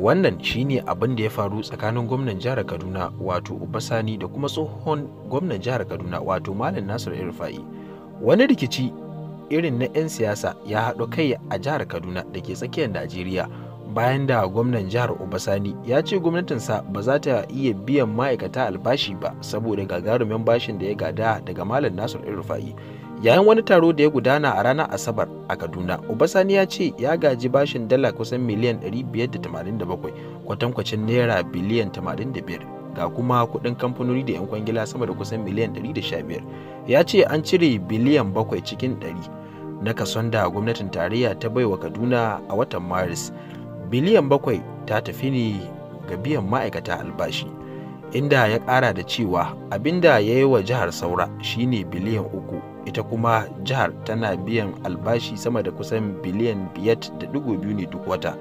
wannan shine abin da ya faru tsakanin gwamnan jihar kaduna wato ubasani da kuma tsohon gwamnan jihar kaduna wato malam nasir irfa'i wani rikici irin na 'yan siyasa ya haɗo kai a jihar kaduna da ke tsakiyar najeriya bayan da gwamnan jihar obasani ya ce gwamnatinsa ba za ta iya biyan ma'aikata albashi ba saboda gagarumin bashin da ya gada daga malam nasir rufa'i yayin wani taro da ya gudana a ranar asabar a kaduna obasani ya ce ya gaji bashin dala kusan miliyan 587 kwatankwacin naira biliyan 85 ga kuma kuɗin kamfanoni da 'yan kwangila sama da kusan miliyan 115 ya ce an cire biliyan 7 cikin 100 na kason da gwamnatin tarayya ta baiwa kaduna a watan maris biliyan bakwai ta tafi ne ga biyan ma'aikata albashi inda ya ƙara da cewa abinda ya yi wa jihar saura shine biliyan uku ita kuma jihar tana biyan albashi sama da kusan biliyan biyat da dugu biyu ne duk wata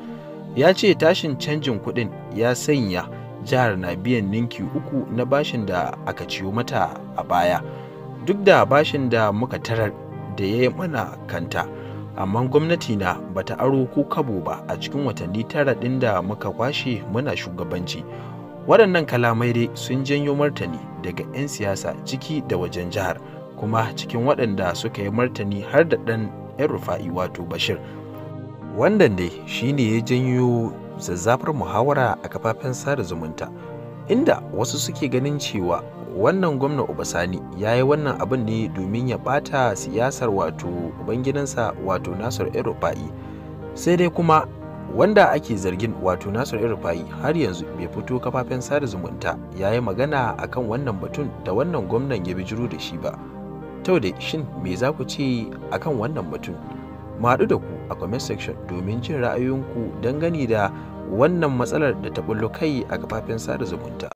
ya ce tashin canjin kuɗin ya sanya jihar na biyan ninki uku na bashin da aka ciyo mata a baya duk da bashin da muka tarar da ya yi mana kanta amma gwamnati na bata aro ko kabo ba a cikin watanni tara ɗin da muka kwashe muna shugabanci waɗannan kalamai dai sun janyo martani daga 'yan siyasa ciki da wajen jihar kuma cikin waɗanda suka yi martani har da ɗan 'yan rufa'i wato bashir wannan shi ne ya janyo zazzafar muhawara a kafafen sada zumunta inda wasu suke ganin cewa wannan gwamna Obasani ya yi wannan abin ne domin ya ɓata siyasar wato ubangidansa wato Nasir el sai dai kuma wanda ake zargin wato nasar el har yanzu bai fito kafafen sada zumunta ya yi magana akan wannan batun da wannan gwamnan ya bijiro da shi ba. Tau da shin me za ku ce akan wannan batun? madu da ku a comment section domin jin ra'ayoyinku dangane da wannan matsalar da ta bullo kai a kafafen sada zumunta.